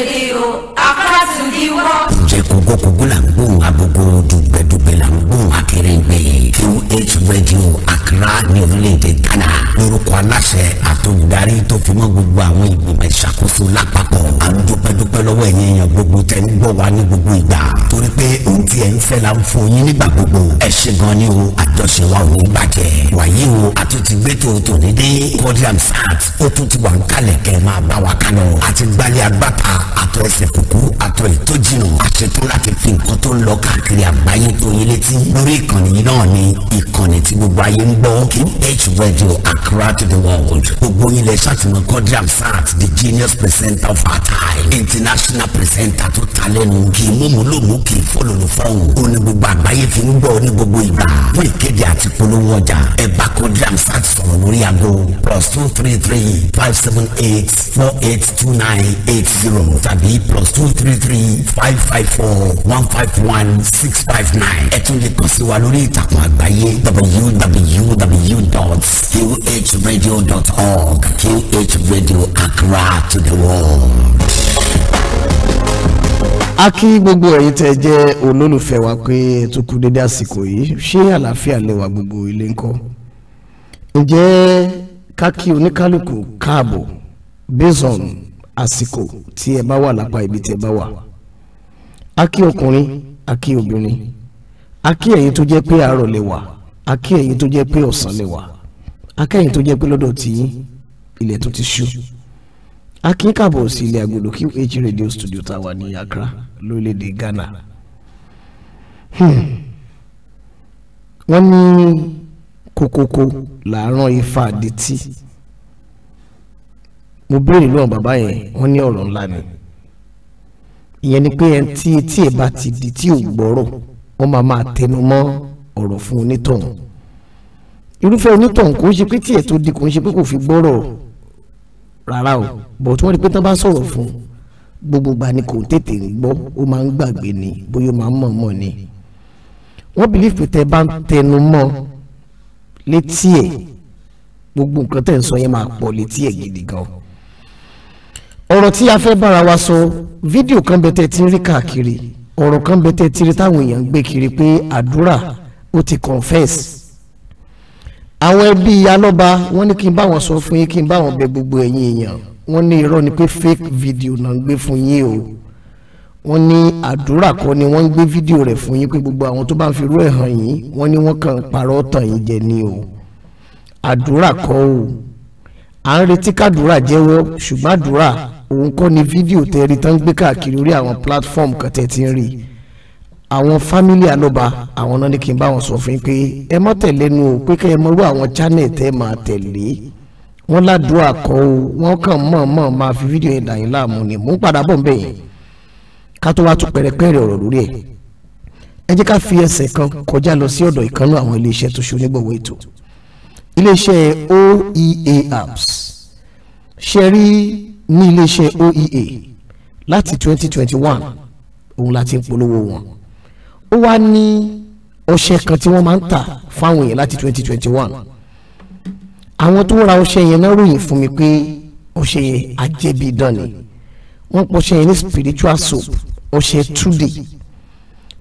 rédíò Àpáta TV wọ́. ǹjẹ́ kókó kókó là ń gbóhùn agogo dùgbẹ́dùgbẹ́ là ń gbóhùn àbí. geregbe QH radio Accra ní orílẹ̀-èdè Ghana lórúkọ aláṣẹ àtolùdarí tó fi mọ́ gbogbo àwọn ìgbìmọ̀ ìṣàkóso lápapọ̀ à ń dúpẹ́dúpẹ́ lọ́wọ́ ẹ̀yin èèyàn gbogbo tẹ̀ ń gbọ́ wa ní gbogbo ìgbà torí pé ohun tí ẹ̀ ń fẹ́ la ń fún yín nígbà gbogbo ẹ ṣe gan ni o àjọṣe wa ò ní bàjẹ́ wàyí o a tún ti gbé tòótọ́ ní dé kọ́díàm sat ó tún ti wà ń kalẹ̀ kẹ́ máa bá wa kánò àti gbalẹ̀ agbáta àtọ̀ ẹsẹ̀ kúkú àtọ̀ ìtójìnà àṣetó láti fi nǹkan tó ń lọ káàkiri àgbáyé tó yẹ létí lórí ìk ìkànnì yìí náà ni ìkànnì tí gbogbo ayé ń gbọ́ KH radio Accra to the world gbogbo ilẹ̀ ṣàtìmọ̀ Quadri Hamzat the genius presenter of our time international presenter tó ta lẹ́nu kì í múmu lòmú kì í fọlọ́lù fọ́hùn ó ní gbogbo àgbáyé fi ń gbọ́ ní gbogbo ìgbà fún ìkéde àti polówó ọjà ẹ bá Quadri Hamzat sọ̀rọ̀ lórí aago plus two three three five seven eight four eight two nine eight zero tàbí plus two three three five five four one five one six five nine ẹ tún lè kàn sí wa lórí ìtàkùn àgbáyé www.qhradio.org QH Radio Accra to the world. a kí gbogbo ẹ̀yin tẹ́ jẹ́ olólùfẹ́ wa pé ẹ tún kú dédé àsìkò yìí ṣé àlàáfíà lẹ́wà gbogbo ilé ńkọ́ ǹjẹ́ ká kí oníkálukú káàbọ̀ based on àsìkò tí ẹ bá wà lápá ibi tí ẹ bá wà a kí ọkùnrin a kí obìnrin akí ẹ̀yin tó jẹ́ pé àárọ̀ lè wà akí ẹ̀yin tó jẹ́ pé ọ̀sán lè wà akí ẹ̀yin tó jẹ́ pé lọ́dọ̀ tí ilẹ̀ tó ti ṣú akí kàbọ̀ sí ilé agolo QH radio studio tá a wà ní Accra lórílẹ̀ Ghana hmm. wọ́n ní kokoko làárọ̀ ifá àdìtì mo béèrè lọ́wọ́ bàbá yẹn wọ́n ní ọ̀rọ̀ ńlá ni ìyẹn ni pé ẹni tí etí ẹ̀ bá ti di tí ò gbọ́rọ̀ wọ́n máa máa tẹnu mọ́ ọ̀rọ̀ fún onítọ̀hún irúfẹ́ onítọ̀hún kò ń ṣe pé tí tó di kò ṣe pé kò fi gbọ́rọ̀ rárá o bọ̀ tí wọ́n rí pé tán bá sọ̀rọ̀ fún gbogbo gba ni kò tètè ń gbọ́ ó máa ń gbàgbé ni bóyá ó máa ń mọ̀ọ́mọ̀ ni wọ́n bìlíf pé tẹ́ bá ń tẹnu mọ́ létí ẹ̀ gbogbo nǹkan tẹ̀ ń sọ yẹn máa pọ̀ létí ẹ̀ gidi gan ọ̀rọ̀ tí a fẹ́ bára wa sọ fídíò kan bẹ tẹ́ ti ń rí káàkiri ọ̀rọ̀ kan bẹ tẹ́tìrì táwọn èèyàn ń gbé kiri pé àdúrà ó ti confess àwọn ẹbí alọ́ba wọ́n ní kí n bá wọn sọ fún yín kí n bá wọn bẹ gbogbo ẹ̀yin èèyàn wọ́n ní irọ́ ni pé fake video náà ń gbé fún yín o wọ́n ní àdúrà kọ́ ni wọ́n ń gbé fídíò rẹ̀ fún yín pé gbogbo àwọn tó bá ń firú ẹ̀ hàn yín wọ́n ní wọ́n kàn ń parọ́ tàn yín jẹ ni o àdúrà kọ́ o à ń retí kádùrà jẹ́wọ́ ṣùgbọ́n àdúrà òun kọ́ ni fídíò tẹ́rí tán gbé káàkiri orí àwọn platform kan tẹ́ ti ń rí àwọn fámílì alọ́ba àwọn náà ní kí n bá wọn sọ fún yín pé ẹ má tẹ̀lé nu o pé kẹ́ ẹ mọ irú àwọn channel tẹ́ máa tẹ̀lé wọ́n ládùúgbò àkọ́ o wọ́n kàn mọ̀ọ́mọ̀ máa fi fídíò yẹn dà yín láàmú ni mò ń padà bọ̀ nbẹ̀ yẹn ká tó wá tún pẹ̀rẹ̀pẹ̀rẹ̀ ọ̀rọ̀ lórí ẹ̀ ẹ jẹ́ ká fi ẹsẹ̀ kan kọjá lọ sí ọ̀dọ̀ ìkànnú àwọn iléeṣẹ́ tó ṣe onígbọ̀wọ́ ètò iléeṣẹ́ OEA apps ṣe rí ní iléeṣẹ́ oea láti 2021, twenty one òun láti ń polówó wọn ó wá ní ọṣẹ kan tí wọ́n máa ń tà fáwọn èèyàn láti twenty àwọn tó ra ọṣẹ yẹn náà ròyìn fún mi pé ọṣẹ yẹn ajẹbi dán ni wọ́n pọṣẹ yẹn ní spiritual soap ọṣẹ túdè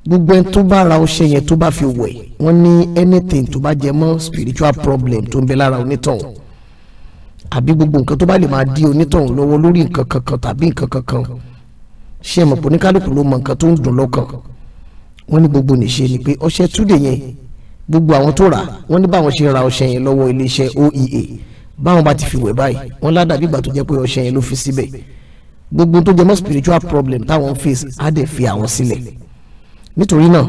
gbogbo ẹni tó bá ra ọṣẹ yẹn tó bá fi wẹ̀ wọ́n ní anything tó bá jẹ mọ́ spiritual problem tó ń bẹ lára onítọ̀hún àbí gbogbo nǹkan tó bá lè máa di onítọ̀hún lọ́wọ́ lórí nǹkan kankan tàbí nǹkan kankan ṣé mọ̀ pé oníkálukú ló mọ nǹkan tó ń dùn lọ́kàn wọ́n ní gbogbo nìṣe ni pé ọṣẹ túdè yẹn gbogbo àwọn tó rà wọ́n ní báwọn ṣe ra ọṣẹ yẹn lọ́wọ́ iléeṣẹ́ oea báwọn bá ti fi wẹ̀ báyìí wọ́n ládàbí ìgbà tó jẹ́ pé ọṣẹ yẹn ló fi síbẹ̀ gbogbo tó jẹ mọ́ spiritual problem táwọn face á dẹ̀ fi àwọn sílẹ̀ nítorí náà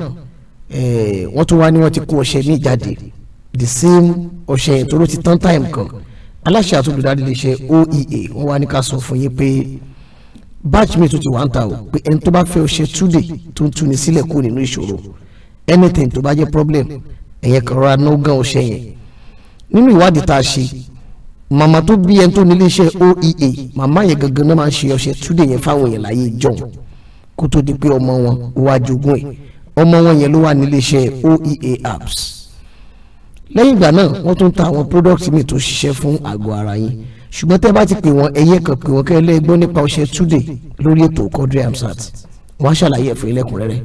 wọ́n tún wá ní wọ́n ti kó ọṣẹ ní ìjáde the same ọṣẹ yẹn tó ló ti tán time kan aláṣẹ àtúndùdarí lè ṣe oea wọn wá ní ká sọ fún yín pé batch mi tún ti wà ń ta o pé ẹni tó bá fẹ́ o ṣe túdè tó ń túni sílẹ̀ kó nínú ìṣòro anything tó bá jẹ́ problem ẹ̀yẹn kan rọra náà gan ọṣẹ yẹn nínú ìwádìí tá a ṣe màmá tó bí ẹni tó nílé iṣẹ́ oea màmá yẹn gangan náà máa ń ṣe ọṣẹ túdè yẹn fáwọn èèyàn láyé john kó tó di pé ọmọ wọn wá jogún ẹ̀ ọmọ wọn yẹn ló wà nílé iṣẹ́ oea apps lẹ́yìn ìgbà náà wọ́n tún ta àwọn products mi tó ṣiṣẹ́ fún àgọ́ ara yín ṣùgbọ́n tẹ́ bá ti pè wọ́n ẹyẹ kan pè wọ́n kẹ́lẹ́ gbọ́ nípa ọṣẹ Today lórí ètò Quadri Hamzat wọ́n á ṣàlàyé ẹ̀ fún ilẹ̀kùnrẹ́rẹ́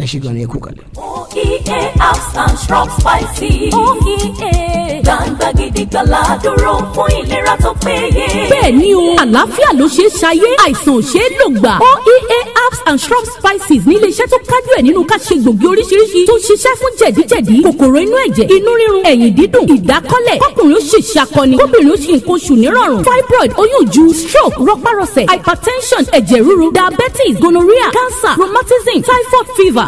ẹ ṣe gan ni ẹ kú kalẹ̀. oea apps and shrub spices. oea gbangba gidigbala dúró fún ìlera tó péye. bẹ́ẹ̀ ni o àlàáfíà ló ṣe é ṣayé àìsàn ò ṣe é lò gbà. E herbs and shrub spices ní iléeṣẹ́ tó kájú ẹ̀ nínú ká ṣe gbòógì oríṣiríṣi tó ń ṣiṣẹ́ fún jẹ̀díjẹ̀dí kòkòrò inú ẹ̀jẹ̀ inú rírun ẹ̀yìn dídùn ìdákọ́lẹ̀ kọkùnrin ó ṣe ṣàkọni kóbìnrin ó ṣe nǹkan oṣù nírọ̀rùn fibroid oyún ju stroke rọpárọsẹ̀ hypertension ẹ̀jẹ̀ ríru diabetes gonorrhea cancer rheumatism typhoid fever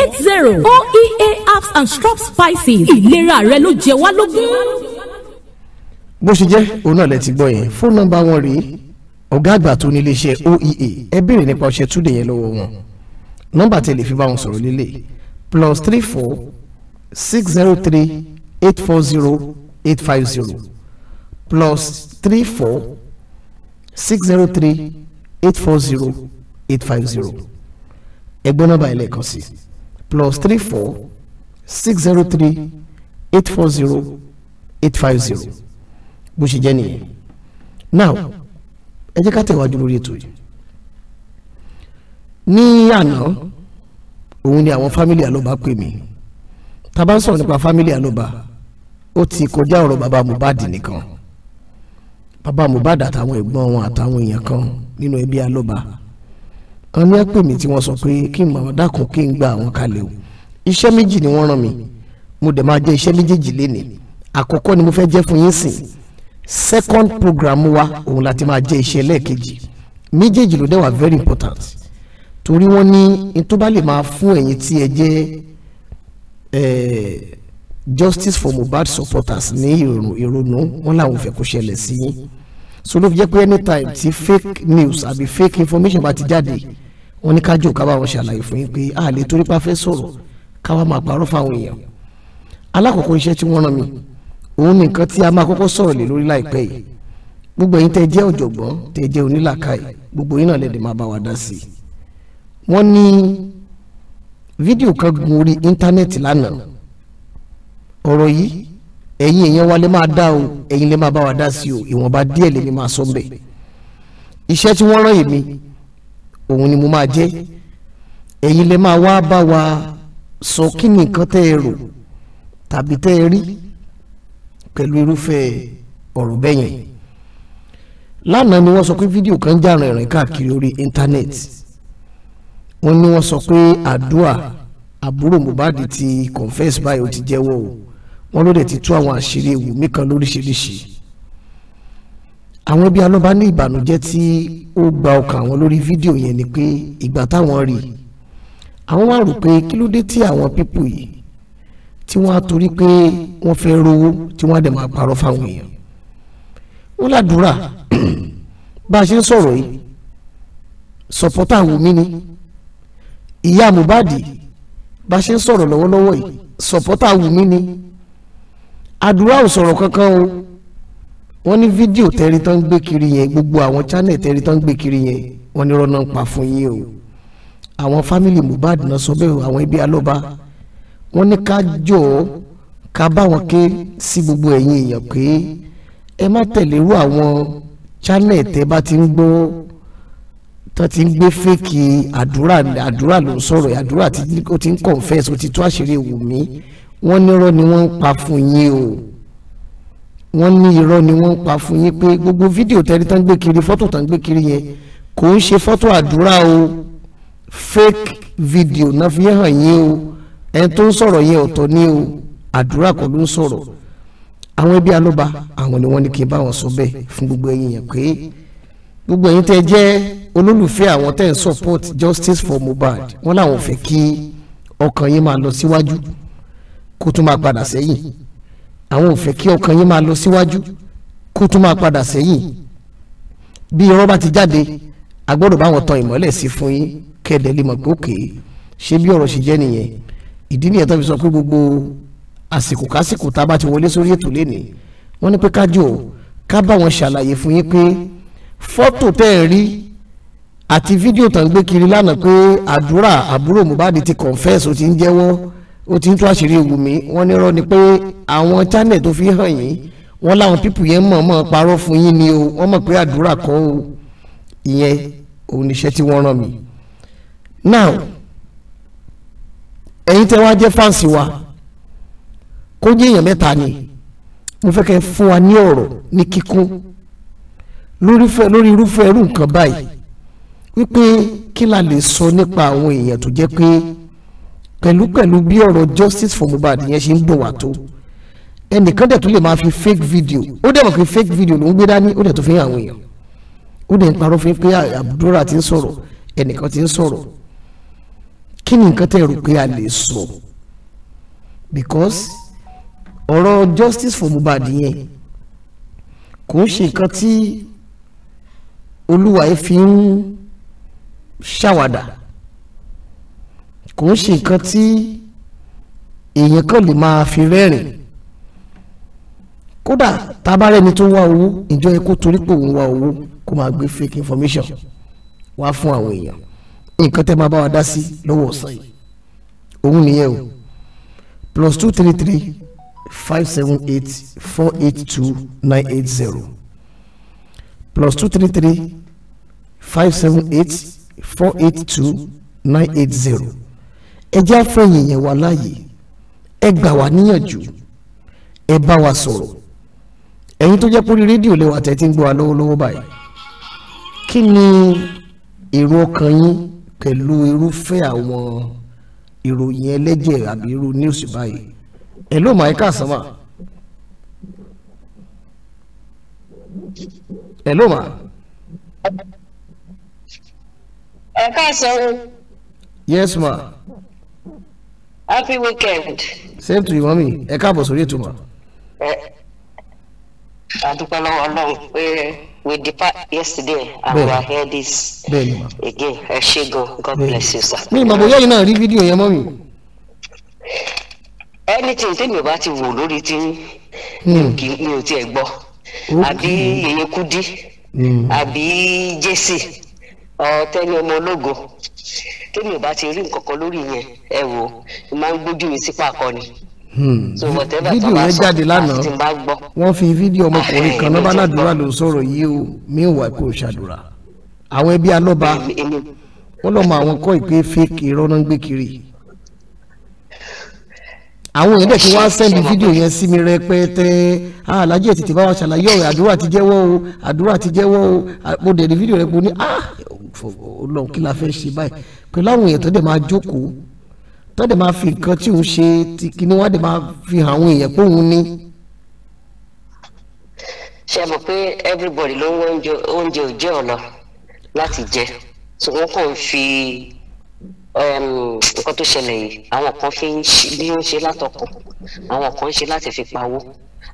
eight zero oea apps and shrub spices ìlera rẹ ló jẹ wá lógún. bó ṣe jẹ́ òun náà lẹ ti gbọ́ yẹn fóònù nọ́mbà wọn rèé ọ̀gá àgbà tó ní iléeṣẹ́ oea ẹ béèrè nípa ọṣẹ túnde yẹn lọ́wọ́ wọn nọ́mbà tẹ lè fi bá wọn sọ̀rọ̀ lélẹ̀ plus three four six zero three eight four zero eight five zero plus three four six zero three eight four zero eight five zero ẹgbẹ́ nọ́mbà ẹ̀ lẹ́ẹ̀kan sí i plus three four six zero three eight four zero eight five zero bó ṣe jẹ́ nìyẹn now ẹ jẹ́ ká tẹ̀wájú lórí ètò yìí ní àná òun ni àwọn fámìlì àlọ́ba pè mí tá a bá ń sọ̀rọ̀ nípa fámìlì àlọ́ba ó ti kọjá ọ̀rọ̀ bàbá Mohbad nìkan bàbá Mohbad àtàwọn ẹ̀gbọ́n wọn àtàwọn èèyàn kan nínú ẹbí àlọ́ba. No wọn ní ẹpẹ mi tí wọ́n sọ pé kí n mọ dákun kí n gba àwọn kalẹ̀ o iṣẹ́ méjì ni wọ́n rán mi mo dẹ̀ máa jẹ́ iṣẹ́ méjèèjì lénìí àkọ́kọ́ ni mo fẹ́ jẹ́ fún yín sìn second program wa òun láti máa jẹ́ iṣẹ́ lẹ́ẹ̀kejì méjèèjì ló dẹ̀ wà very important torí wọ́n ní n tó bá lè máa fún ẹ̀yin tí ẹ jẹ́ justice for Mohbad supporters ní ìrònú ìrònú wọn làwọn fẹ́ kó ṣẹlẹ̀ sí yín so ló fi jẹ́ pé anytime tí fake news àbí fake information bá ti jáde wọ́n ní kájọ ká bá wọn ṣàlàyé fún yín pé a lè torí pa fẹ́ sọ̀rọ̀ ká wá máa parọ́ fáwọn èèyàn alákọ̀ọ́kọ́ iṣẹ́ tí wọ́n rán mi òun ni nǹkan tí a máa kọ́kọ́ sọ̀rọ̀ lé lórí láìpẹ́ yìí gbogbo yín tẹ́ jẹ́ ọ̀jọ̀gbọ́n tẹ́ jẹ́ onílàkàyè gbogbo yín náà lè dè máa bá wa dá sí i wọ́n ní fídíò kan gun orí íńtánẹ́ẹ̀tì lánàá ọ̀rọ̀ yìí ẹ̀yin èèyàn wa lè máa dá o ẹ̀yin lè máa bá wa dá sí o ìwọ̀nba díẹ̀ lèmi máa sọ mbẹ̀ iṣẹ́ tí wọ́n rán èmi òun ni mo máa jẹ́ ẹ̀yin lè máa wá bá wa sọ kí ni nǹkan tẹ́ ẹ rò tàbí tẹ́ ẹ rí pẹ̀lú irúfẹ́ ọ̀rọ̀ bẹ́ẹ̀ yẹn lánàá ni wọ́n sọ pé fídíò kan jà rìnrìn káàkiri orí íńtánẹ́ẹ̀tì wọ́n ní wọ́n sọ pé àdúrà àbúrò Mohbad ti confess báyìí ó ti jẹ́wọ́ o wọ́n ló dẹ̀ ti tú àwọn àṣírí Wùmí kan lóríṣiríṣi àwọn ẹbí alọ́ba ní ìbànújẹ́ tí ó gba ọkàn àwọn lórí fídíò yẹn ni pé ìgbà táwọn rí àwọn wá rò pé kí ló dé tí àwọn pípù yìí tí wọ́n á torí pé wọ́n fẹ́ rówó tí wọ́n á dẹ̀ máa parọ́ fáwọn èèyàn wọ́n ládùúrà bá a ṣe ń sọ̀rọ̀ yìí sọ̀pọ́tà Wùmí ni ìyá Mohbad bá a ṣe ń sọ̀rọ̀ lọ́wọ́lọ́wọ́ yìí sọ̀pọ́tà Wùmí ni àdúrà ò sọ̀rọ̀ kankan o wọ́n ní fídíò tẹ́rí tán ń gbé kiri yẹn gbogbo àwọn channel tẹ́rí tán ń gbé kiri yẹn wọ́n ní rọ́nà ń pa fún yín o àwọn fámìlì Mohbad náà sọ bẹ́ẹ̀ àwọn ẹbí alọ́ba wọ́n ní ká jọ ká bá wọn ké sí gbogbo ẹ̀yin èèyàn pé ẹ má tẹ̀lé àwọn channel tẹ́ bá ti ń gbọ́ tó ti ń gbé fèkì àdúrà àdúrà ló ń sọ̀rọ̀ àdúrà ti ń confess ó ti tú àṣírí Wùmí wọ́n ní irọ́ ni wọ́n ń pa fún yín o wọ́n ní irọ́ ni wọ́n ń pa fún yín pé gbogbo fídíò tẹ́lẹ̀ tán gbé kiri fọ́tò tán gbé kiri yẹn kò ń ṣe fọ́tò àdúrà o fake video náà fi hàn yín o ẹni tó ń sọ̀rọ̀ yẹn ọ̀tọ̀ ni o àdúrà kọ́ ló ń sọ̀rọ̀ àwọn ẹbí alọ́ba àwọn ni wọ́n ní kí n bá wọn sọ bẹ́ẹ̀ fún gbogbo ẹ̀yin yẹn pé gbogbo ẹ̀yin tẹ́ jẹ́ olólùfẹ́ àwọn tẹ́ ń support justice for Mohbad wọ́n làwọn fẹ́ kí ọkàn yín máa lọ síwájú. Si kó tún máa padà sẹ́yìn àwọn ò fẹ́ kí ọkàn yín máa lọ síwájú kó tún máa padà sẹ́yìn bí irọ́ bá ti jáde a gbọ́dọ̀ bá wọn tan ìmọ́lẹ̀ sí fún yín kẹ́ẹ̀dẹ̀ lè mọ̀ pé òkè ṣé bí ọ̀rọ̀ ṣe jẹ́ nìyẹn ìdí nìyẹn tó fi sọ pé gbogbo àsìkò kásìkò tá a bá ti wọlé sórí ètò lénìí wọ́n ní pé kájọ ká bá wọn ṣàlàyé fún yín pé fọ́tò tẹ́ ẹ̀ rí àti fídíò tàn gbé kiri lánàá pé àdúrà àbúrò Mohbad ti confess ó ti ń jẹ́wọ́ ó ti ń tú àṣírí Wùmí wọ́n ní irọ́ ni pé àwọn channel tó fi hàn yín wọ́n láwọn pípù yẹn mọ̀ mọ̀ parọ́ fún yín ni o wọ́n mọ̀ pé àdúrà kọ́ o ìyẹn òun níṣẹ́ tí wọ́n rán mi. now ẹ̀yin tẹ́ wá jẹ́ fáǹsì wa kó jẹ́ èèyàn mẹ́ta ni mo fẹ́ kẹ́ fún wa ní ọ̀rọ̀ ní kíkún lórí irúfẹ́ irú nǹkan báyìí wípé kí la lè sọ nípa àwọn èèyàn tó jẹ́ pé pẹ̀lúpẹ̀lú bí ọ̀rọ̀ justice for Mohbad yẹn ṣe ń dùn wá tó ẹnìkan dẹ̀ tún lè máa fi fake video ó dẹ̀ mọ̀ pé fake video ló ń gbé dání ó dẹ̀ tún fi hàn àwọn èèyàn ó dẹ̀ ń parọ́ fún pé àbúrò ti ń sọ̀rọ̀ ẹnìkan ti ń sọ̀rọ̀ kí ni nǹkan tẹ́ rò pé a lè sọ because ọ̀rọ̀ justice for Mohbad yẹn kò ń ṣe nǹkan tí olúwa fi ń ṣàwàdà kò ń ṣe nǹkan tí èèyàn kan lè máa fi rẹ́rìn kódà tabarẹ́ni tó ń wá owó ìjọ ẹkú torí pé òun wá owó kó máa gbé fake information wá fún àwọn èèyàn nǹkan tẹ́ máa bá wa dá sí lọ́wọ́ ọ̀sán yìí òun nìyẹn o plus two three three five seven eight four eight two nine eight zero plus two three three five seven eight four eight two nine eight zero ẹ jẹ́ àfẹ́yìn yẹn wá láàyè ẹ gbà wá níyànjú ẹ bá wa sọ̀rọ̀ ẹ̀yin tó jẹ́ pórí rédíò lẹ́wà tẹ́tí ń gbọ́ wa lọ́wọ́lọ́wọ́ báyìí kí ni èrò ọkàn yín pẹ̀lú irúfẹ́ àwọn ìròyìn ẹlẹ́jẹ̀ àbí irú níwùsì báyìí ẹ ló máa ká sánmà ẹ ló máa. ẹ ká sọ yes ma happy weekend. same to you mọ́mí ẹ káàbọ̀ sórí ètò mọ́. àdúgbò lọ́wọ́ ọlọ́run pé we depart yesterday and we are here this ben. again ẹ ṣé gan god ben. bless you sir. mi ìmọ̀ bóyá yìí náà rí fídíò yẹn mọ́mí. anything tèmi ò bá ti wò lórí tí hmm. mi ò tiẹ̀ gbọ́ àbí yèyé kudi hmm. àbí jesse ọ̀tẹ́ni ọmọ ológo tèmi ò bá ti rí nǹkan kan lórí yẹn ẹ wò ó máa ń gbójú mi sí pàkọ ni. fídíò hmm. yẹn jáde lánàá wọ́n fi fídíò ọmọkùnrin kan náà bá ládùúrà ló sọ̀rọ̀ yìí o mi ò wá kó o ṣàdúrà àwọn ẹbí alọ́ba wọ́n lọ́mọ àwọn kọ́ ìpè fake irọ́ náà ń gbé kiri àwọn èèyàn dẹ̀ ti wá sẹ́ndì fídíò yẹn sí mi rẹpẹtẹ ah, alájí ẹ̀ tètè bá wa ṣàlàyé ọ̀rẹ́ àdúrà ti jẹ́wọ́ o àdúrà ti jẹ́wọ́ o ah, mo dẹ̀ ní fídíò rẹ̀ mo ní ah ọlọ́run kí la fẹ́ ṣe báyìí pẹ̀lú àwọn èèyàn tó dẹ̀ máa jókòó tó dẹ̀ máa fi nǹkan tí òun ṣe ti kíní wá dẹ̀ máa fi hàn àwọn èèyàn pé òun ní. ṣe mọ̀ pé everybody ló ń wọ oúnjẹ òjé ọ̀nà láti jẹ tí wọ́n kàn ń fi nǹkan tó ṣẹlẹ̀ yìí àwọn kan fi bí ó ń ṣe látọkọ̀ àwọn kan ń ṣe láti fi pawó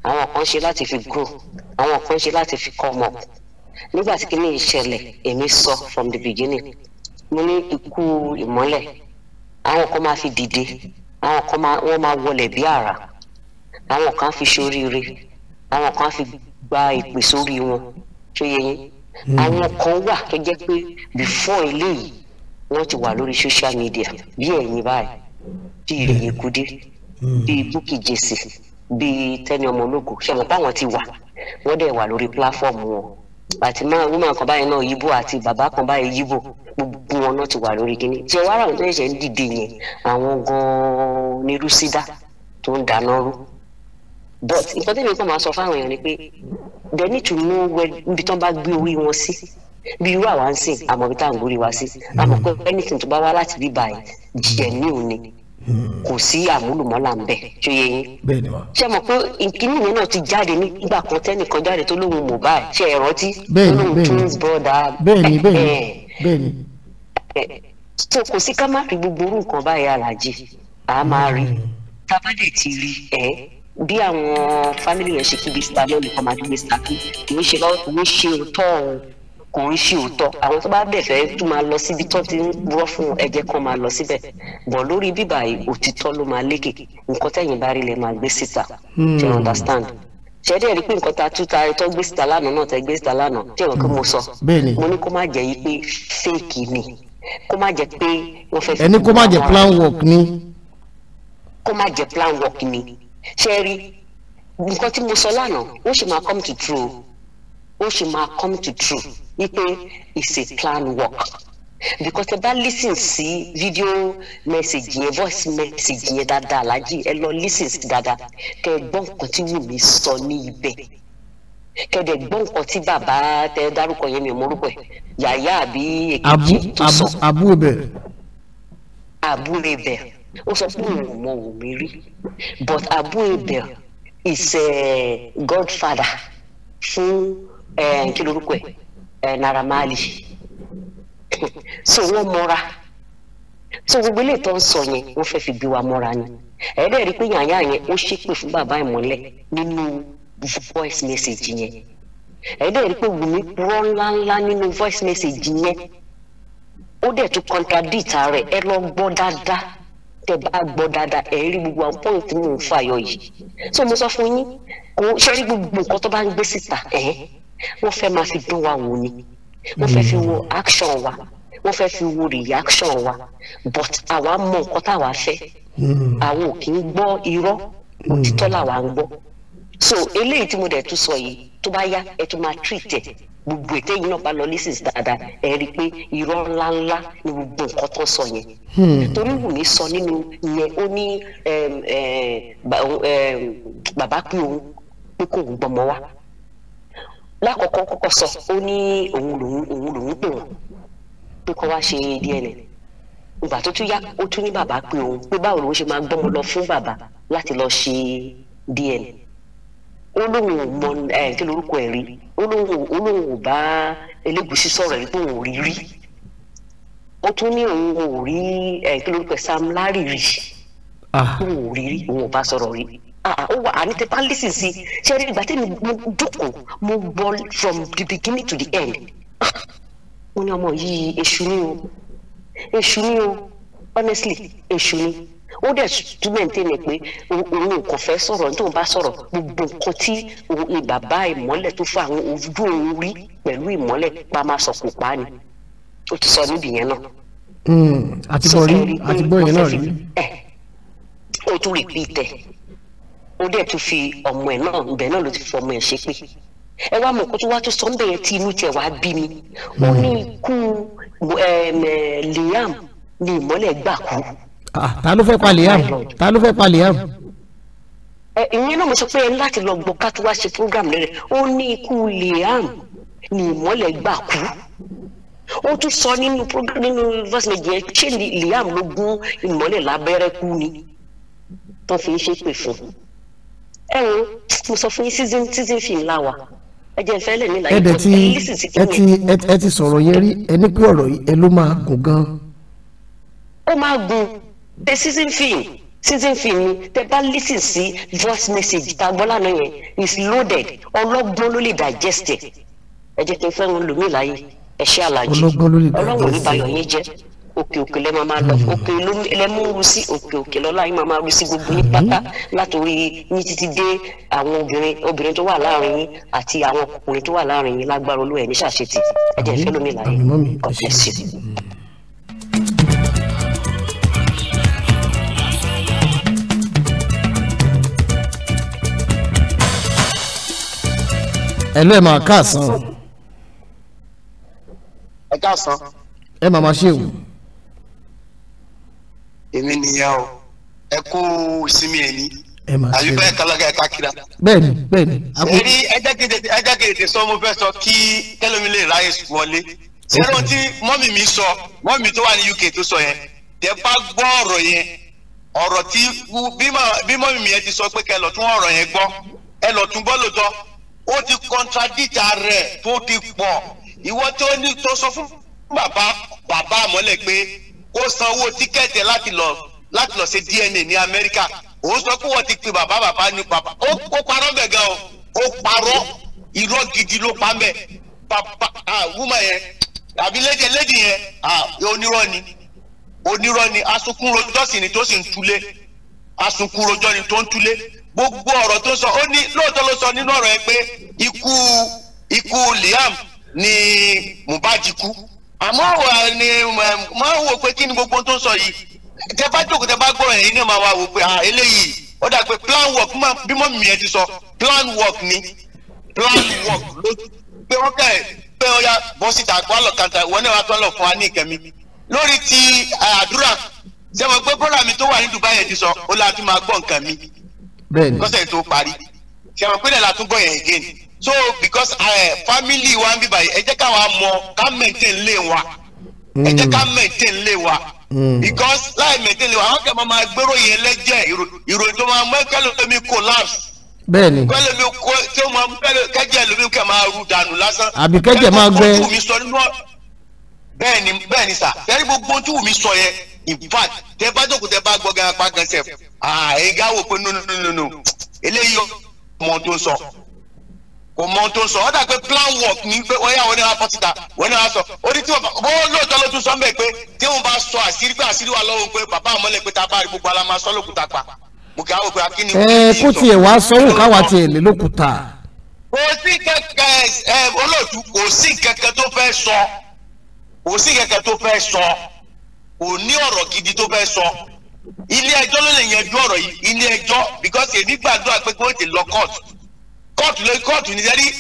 àwọn kan ń ṣe láti fi grow àwọn kan ń ṣe láti fi come up nígbà tí kíní ìṣẹ̀lẹ̀ èmi sọ from the beginning mo ní ikú ìmọ́lẹ̀ àwọn kan máa fi dìde àwọn kan wọ́n máa wọlẹ̀ bí àrà àwọn kan fi ṣoríire àwọn kan fi gba ìpè wọn tó yín hmm. àwọn kan wà tó before wọ́n ti wà lórí social media bí ẹ̀yin báyìí bí hmm. bí bí ọmọ ti wà wọ́n dẹ̀ wà lórí platform wọn. àti máa woman kan báyìí náà yíbò àti bàbá kan báyìí yíbò gbogbo wọn náà ti wà lórí kínní tí wàrà àwọn tó ṣẹ̀ṣẹ̀ ń dìde yẹn àwọn gan-an ní rúsídà tó ń dáná rú but nǹkan tẹ́mi kan máa sọ fáwọn èèyàn ni pé they need to know where ibi tán bá gbé orí wọn sí bí irú àwa ń sìn àmọ́ ibi tá à ń gbórí wa sí àmọ́ pé anything tó bá wá láti bíbá ẹ̀ jẹ̀ ní òní kò sí àmúlùmọ́là ń bẹ̀ tó yẹ yín. bẹ́ẹ̀ni wa. ṣé mo pé ìkíní yẹn náà ti jáde nígbà kan tẹ́nìkan jáde tó lóun Mohbad ṣe é rántí. bẹ́ẹ̀ni bẹ́ẹ̀ni bẹ́ẹ̀ni eh, bẹ́ẹ̀ni eh. bẹ́ẹ̀ni. Eh, so kò sí ká má rí gbogbo orú nǹkan báyìí aláàjì a máa rí tábàdé ti rí ẹ bí àwọn fámìlì yẹn ṣe kíbi síta lọ́ọ̀lù kan máa dúró síta kí kì í ṣe lọ́wọ́ kì í ṣe òótọ́ ọ̀hún kò ń ṣe òótọ́ àwọn tó bá dẹ̀ fẹ́ máa lọ síbi tó ti ń rọ́ fún ẹ̀jẹ̀ kan máa lọ síbẹ̀ bọ̀ lórí bíbà òtítọ́ ló máa lékè nǹkan tẹ̀yìn bá rí lẹ̀ máa gbé síta hmm. ṣe understand ṣẹ́dẹ̀ rí pé nǹkan ta tú ẹ̀tọ́ gbé síta lánàá náà tẹ́ gbé síta lánàá ṣé ìwọ̀n kí mo sọ mo ní kó má jẹ́ yìí pé fake ni kó má jẹ́ pé wọ́n fẹ́ fi. ẹni kó má jẹ́ plan work ni. kó má jẹ́ plan work ni ṣe rí nǹkan tí mo sọ lánàá ó sì máa come to true ó sì máa come to true wípé it's a plan work because ẹ bá listen sí video message yẹn voice message yẹn dáadáa alájí ẹ lọ listen sí dáadáa kẹ ẹ gbọ́ nǹkan tí Wùmí sọ ní ibẹ̀ kẹ ẹ dẹ̀ gbọ́ nǹkan tí bàbá tẹ dárúkọ yẹn mi morúkọ ẹ̀ yàyà àbí èkejì tó sọ. àbú ibẹ̀. àbú ibẹ̀ ó sọ pé òun ò mọ Wùmí rí but àbú ibẹ̀ is a godfather fún. ẹ kí lorúkọ so wọ́n mọra so gbogbo ilé ìtọ́ sọ yẹn fi gbé wa mọ́ra ni ẹ̀ẹ́dẹ̀ rí pé yàyà yẹn ó ṣépè fún bàbá ìmọ̀lẹ̀ nínú voice message yẹn ẹ̀ẹ́dẹ̀ rí pé Wùmí purọ́ ńláńlá nínú voice message yẹn ó dẹ̀ tún contradict rẹ̀ ẹ e lọ gbọ́ dáadáa eh, gbogbo àwọn point yìí so mo sọ fún yín kò ṣe rí gbogbo nǹkan tó bá eh, wọ́n fẹ́ máa fi dunwa wa wò wọ́n fẹ́ fi wo action wa wọ́n fi wo reaction wa but àwa mọ nǹkan táwa fẹ́ hmm. àwọn ò kì í gbọ́ irọ́ hmm. òtítọ́ làwa so eléyìí tí mo dẹ̀ tún sọ yìí tó bá yá ẹ tún máa treat ẹ gbogbo ètè yìí náà bá lọ dáadáa ẹ rí pé sọ yẹn hmm. torí sọ nínú yẹn ó ní bàbá pé òun pé lákọ̀ọ́kọ́ kọ́kọ́ sọ ó ní òun lòun òun lòun pè wọ́n pé kó wá ṣe DNA ìgbà tó tún yá ó tún ní bàbá pé òun pé báwo lòun ṣe máa gbọ́mọ lọ fún bàbá láti lọ ṣe DNA ó lóun ò mọ ẹ kí lorúkọ ẹ rí ó lóun ò bá Elégùṣì sọ̀rọ̀ rí pé òun ò rí rí ó tún ní òun ò rí ẹ kí lorúkọ ẹ Sam Larry rí ah. òun ò rí rí òun ò bá sọ̀rọ̀ rí Ah, ah, ó wà àní tẹ́pá lísìn sí ṣe rí ìgbà tẹ́mi mo dúkùn mo gbọ́ from the beginning to the end ah, mo ní ọmọ yìí èṣù ni o èṣù ni o honestly èṣù ni ó dẹ̀ tún maintain ẹ̀ pé òun ò kàn fẹ́ sọ̀rọ̀ nítorí bá sọ̀rọ̀ gbogbo nǹkan tí bàbá ìmọ́lẹ̀ tó fún àwọn ojú òun rí pẹ̀lú ìmọ́lẹ̀ pa máa sọ kò pa ni ó ti sọ níbi yẹn náà. Hmm, àti bọ̀ àti bọ̀ yẹn náà rí. Eh, ó tún repeat ẹ̀ ó dẹ̀ tún fi ọmọ ẹ̀ náà ibẹ̀ náà ló ti fi ọmọ ẹ̀ ṣépè ẹ wá mọ̀ kó tó wá tó sọ ń tí inú tiẹ̀ wá bí mi ó ní ikú Liam ni ìmọ́lẹ̀ gbà kú. ta ló fẹ́ pa Liam ta ló fẹ́ pa Liam. ìyẹn náà mo sọ pé ẹ láti lọ gbọ́ ká tó wá ṣe program rẹ̀ ó ní ikú Liam ni ìmọ́lẹ̀ gbà kú ó tún sọ nínú program nínú verse méjì yẹn ṣé Liam ló gún ìmọ́lẹ̀ lábẹ́rẹ́ kú ni tó fi ń ṣépè fún un ẹ wo mo sọ fún yín season season film la wà ẹ jẹ́ ìfẹ́ lẹ̀ ní ìlànà ìtọ́jú ẹ lísì ẹ ti sọ̀rọ̀ yẹn rí ẹ ní pé ọ̀rọ̀ yìí ẹ ló máa gùn gan. ó máa gùn pé season film season film ni tẹ bá lísì sí voice message tá a gbọ́ lánàá yẹn is loaded ọlọ́gbọ́n ló lè digest ẹ ẹ jẹ́ kí n fẹ́ràn lómi láyé ẹ ṣe àlàjì ọlọ́gbọ́n ló lè digest ọlọ́wọ́n ní bayọ̀ yẹn jẹ́ òkè òkè lẹ́ máa máa lọ hmm. òkè lẹ́ mú ru sí òkè òkè lọ́la yín máa máa ru sí gbogbo yín hmm. pátá látòrí yín títí dé àwọn obìnrin obìnrin tó wà láàrin yín àti àwọn ọkùnrin tó wà láàrin yín lágbára olú ẹ̀ ní ṣàṣetì ẹ̀jẹ̀ ìfẹ́ lómi láyé ọ̀pẹ̀ sí. Hmm. ẹ ló ẹ máa káàsán. ẹ káàsán. ẹ máa máa ṣe èwù èmi nìyẹn o ẹ kó sinmi ẹ̀ ní àbí bẹ́ẹ̀ kálákà ẹ̀ kákìrà. bẹ́ẹ̀ni bẹ́ẹ̀ni. sẹ́rí ẹja kejì ẹja kejì sọ mo fẹ́ sọ kí kẹlẹ́mi lè ráyè wọlé sẹ́rí ohun tí mọ́mì mi sọ mọ́mì tó wà ní UK tó sọ yẹn tẹ́ bá gbọ́ ọ̀rọ̀ yẹn ọ̀rọ̀ tí bí mọ́mì mi yẹn ti sọ pé kẹ́ lọ tún ọ̀rọ̀ yẹn gbọ́ ẹ lọ tún gbọ́ lóòótọ́ ó ti contradict rẹ̀ tó ti pọ̀ ìwọ tó sọ fún bàbá bàbá àmọ́lẹ̀ pé kó san owó tíkẹ́ẹ̀tì láti lọ láti lọ ṣe DNA ní Amẹ́ríkà òun sọ pé wọ́n ti pe bàbá bàbá ní bàbá ó parọ́ bẹ̀ gan o ó parọ́ irọ́ gidi ló pa mẹ́ bàbá wúmọ̀ yẹn àbí lédè lédè yẹn onírọ́ ni onírọ́ ni asunkun rojọ́ sì ni tó sì ń túlé asunkun rojọ́ ni tó ń túlé gbogbo ọ̀rọ̀ tó sọ ó ní lóòótọ́ ló sọ nínú ọ̀rọ̀ yẹn pé ikú ikú Liam ni Mohbad kú àmọ́ wà ni máa ń wò pé kí ni gbogbo tó ń sọ yìí tẹ bá jókòó tẹ bá gbọ́ ẹ̀yin náà máa wà wò pé ah eléyìí ó dà pé plan work bí mọ́ mi yẹn ti sọ plan work ni plan work ló pé wọ́n kẹ́ ẹ̀ pé ó yá bọ́ síta kó àlọ́ kàńtà ìwọ náà wà tó ń lọ fún wa ní ìkẹ́mi lórí ti àdúrà sẹ́wọ̀n pé bọ́lá mi tó wà ní Dubai yẹn ti sọ ó láti máa gbọ́ nǹkan mi kọ́sẹ̀ tó parí sẹ́wọ̀n pé lẹ́la tún gbọ́ yẹn again so because uh, family wa ń bíbá yìí ẹ jẹ́ káwa mọ ká maintain lé wa ẹ jẹ́ ká hmm. maintain lé wa hmm. because láì maintain lé wa àwọn kẹ́mọ́ máa gbèrò yẹn lẹ́jẹ̀ ìròyìn tó máa mọ kẹ́lẹ́ omi collapse bẹ́ẹ̀ni kẹ́lẹ́ omi kó tí ó máa kẹ́jẹ́ lómi kẹ́ máa ru dànù lásán àbí kẹ́jẹ́ máa gbẹ bẹ́ẹ̀ni bẹ́ẹ̀ni sà tẹ́lẹ̀ gbogbo tí wùmí sọ yẹn in fact tẹ bá jókòó tẹ bá gbọ́ gan apá gan sef ah ẹ̀yin gáwó pé no no no no eléyìí ọmọ tó ń sọ kò mọ ohun tó ń sọ ọ́ dà pé plan work ní pé wọ́n yà wọ́n ní wá bọ́ síta wọ́n ní wá sọ ó ní tí wọ́n bó lóòótọ́ ló tún sọ mbẹ́ pé tí wọ́n bá sọ àṣírí pé àṣírí wa lọ́wọ́ pé bàbá àmọ́lẹ̀ pé tá a bá rí gbogbo alamọ sọ lókùúta pa mo kì í àwọn pé a ẹ kó tiẹ̀ wá sọ́wọ́ káwa tiẹ̀ lé lókùúta. kò sí kẹ̀kẹ́ ẹ olóòtú kò sí kẹ̀kẹ́ tó fẹ́ sọ kò sí kẹ̀kẹ́ tó fẹ́ sọ kò ní ọ̀rọ̀ gidi tó fẹ́ sọ ilé ẹjọ́ ló lè yanjú ọ̀rọ̀ yìí ilé ẹjọ́ because èmi gbàdúrà pé kí wọ́n ti lọ court kóòtù lórí kóòtù ní sẹ́rí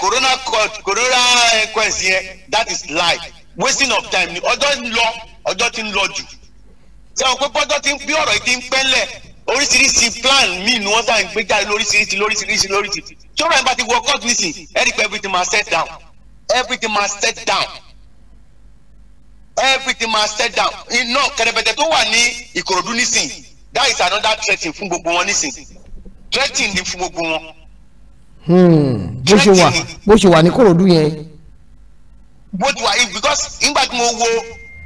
corona court corona inquest yẹn that is lie wasting of time ni ọjọ́ ń lọ ọjọ́ ti ń lọ jù sẹ́wọ̀n pé pọ́jọ́ ti ń bí ọ̀rọ̀ ìdí ń pẹ́lẹ̀ oríṣiríṣi plan míì ni wọ́n sá ń gbé jáde lóríṣiríṣi lóríṣiríṣi lóríṣiríṣi tí ọ̀rọ̀ yẹn bá ti wọ court nísìn eric everything must set down everything must set down everything must set down iná kẹrẹbẹtẹ tó wà ní ìkòròdú nísìn that is another threat fún gbogbo wọn nísìn dírẹ́tì ni fún gbogbo wọn. Hmm, bó ṣe wà bó ṣe wà ní kòròdú yẹn. bó ti wà because nígbà tí mo wo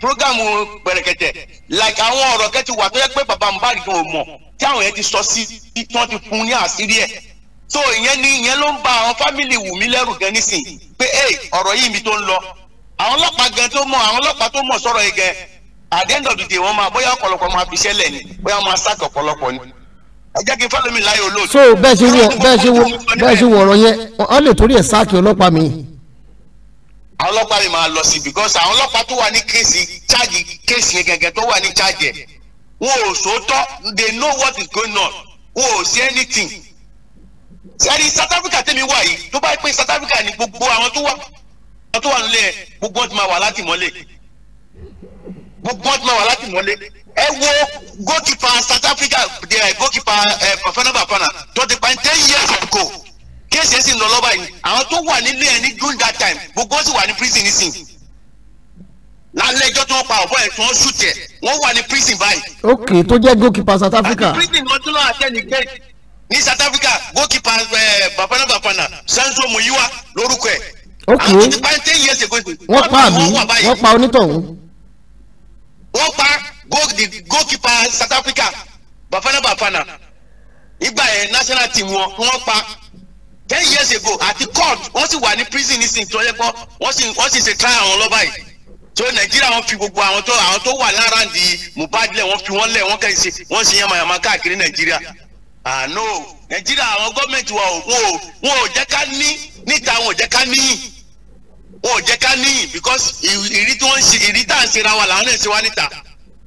programu pẹ̀rẹ̀kẹ̀tẹ̀ like àwọn ọ̀rọ̀ kẹ́tì wà tó yẹ pé bàbá Mohbad kan ò mọ̀ tí àwọn yẹn ti sọ sí tí wọ́n ti fún ní àṣírí ẹ̀ so ìyẹn ni ìyẹn ló ń ba àwọn fámìlì Wùmí lẹ́rù gan nísìn pé ọ̀rọ̀ yìí mi tó ń lọ àwọn ọlọ́pàá gan tó mọ̀ àwọn ọlọ́pàá tó mọ̀ sọ̀rọ̀ yìí gan at the end of the day wọ́n máa bóyá ọ̀pọ̀lọpọ̀ máa fi ṣẹlẹ̀ ni bóyá wọ́n máa sáàkì ọ̀pọ̀lọpọ̀ ni so bẹ́ẹ̀ ṣe wọ bẹ́ẹ̀ ṣe wọ bẹ́ẹ̀ ṣe wọ ọ̀rọ̀ yẹn wọ́n lè torí ẹ̀ sáàkì ọlọ́pàá mi. àwọn ọlọ́pàá mi máa lọ sí because àwọn ọlọ́pàá tó wà ní kéèsì chájì kéèsì yẹn gẹ́gẹ́ tó wà ní chájì ẹ̀ wọn ò sòótọ́ they know what is going on wọn ò sí anything. sẹ́ni South Africa tẹ́mi wà yìí tó bá pé South Africa ni gbogbo àwọn tó wà àwọn tó wà nílẹ̀ gbogbo wọn máa wà látìmọ́lé gbogbo wọn máa wà látìmọ́lé ẹ wo goalkeeper South Africa their eh, goalkeeper eh, Bafana Bafana tó ti pa ten years ago kéèsì ẹ̀ sì ń lọ lọ́ba yìí àwọn tó wà nílé ẹ̀ ní during that time gbogbo sì wà ní prison nísìn lálẹ́ ẹjọ́ tí wọ́n pa ọ̀bọ ẹ̀ tí wọ́n ṣù tẹ̀ wọ́n wà ní prison báyìí. ok tó jẹ́ goalkeeper South Africa. àti prison wọn tún lọ àtẹ ní gate ní South Africa goalkeeper eh, Bafana Bafana Sancho Muyiwa lórúkọ ẹ̀. ok àwọn tó ti pa ten years ago. wọ́n pa àbí wọ́n pa onítọ̀hún. wọ́n pa go the goalkeeper South Africa Bafana Bafana ìgbà yẹn national team wọn wọ́n pa ten years ago àti court wọ́n sì wà ní prison nísìnyí tó yẹ kó wọ́n sì wọ́n sì ṣe try àwọn lọ́ba yìí tó nàìjíríà wọ́n fi gbogbo àwọn tó àwọn tó wà lára di Mohbad lẹ wọ́n fi wọ́n lẹ̀ wọ́n kẹ́ ṣe wọ́n ṣe yamayama káàkiri nàìjíríà àná nàìjíríà àwọn gọ́ọ̀mẹ̀ntì wa ò wọn ò jẹ́ ká ní níta wọn ò jẹ́ ká níyìn wọn ò jẹ́ ká níyìn because ìrí tí wọ́n ń ṣe ìrí tá à ń ṣe ra wa làwọn náà ń ṣe wá níta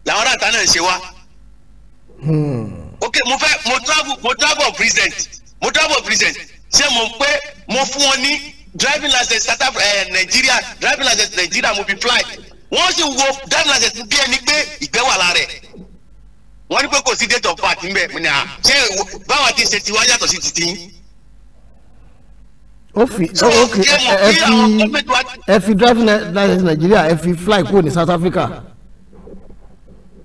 làwọn ará ta ń ṣe wá. Hmm. ok mo fẹ́ mo travel mo travel present mo travel present ṣé mo pé mo fún wọn ní driving license south africa eh, nigeria driving license nigeria mo fi fly wọ́n sì wo driving license bí ẹni pé ìgbẹ́ wà lára ẹ̀ wọ́n ní pé kò sí date of birth ń bẹ̀ mo ní à ah, ṣé báwa ti ṣe tiwa yàtọ̀ sí ti tiyín ó fi ó fi ẹ fi driving license Nigeria ẹ fi fly kúrò ní South Africa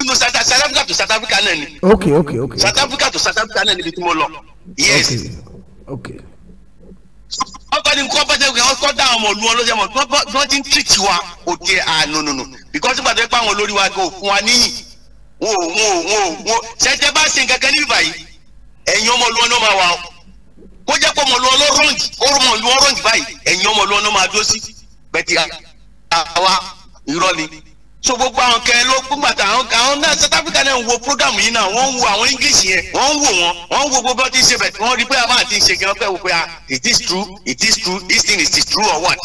no south south africa to south africa náà ni. ok ok ok south africa to south africa náà níbi tí mo lọ. yes. ok. ọkọ ni nǹkan bẹ́tẹ̀ wọ́n kọ́ dá ọmọ lu wọn mọ̀ wọ́n ti ń tìtì wa òkè ànononò because nígbà tó ń pa àwọn olórí wa kò fún wa níyì wo wo wo wo ṣẹjẹ bá ṣe nǹkan kan ní ẹ̀yin ọmọ lu wọn ló máa kó jẹ́ pé ọmọ lu wọn ló ọmọ lu wọn báyìí ẹ̀yin ọmọ lu wọn ló sí bẹ́tì àwa irọ́ so gbogbo àwọn kẹ ló gbogbo àwọn àwọn náà South Africa náà ń wo program yìí náà wọ́n ń wo àwọn English yẹn wọ́n ń wo wọn wọ́n ń wo gbogbo ọtí ṣe bẹ̀ wọ́n rí pé àbá àti ṣe gan fẹ́ wò pé ah is this true is this true this thing is this true or what.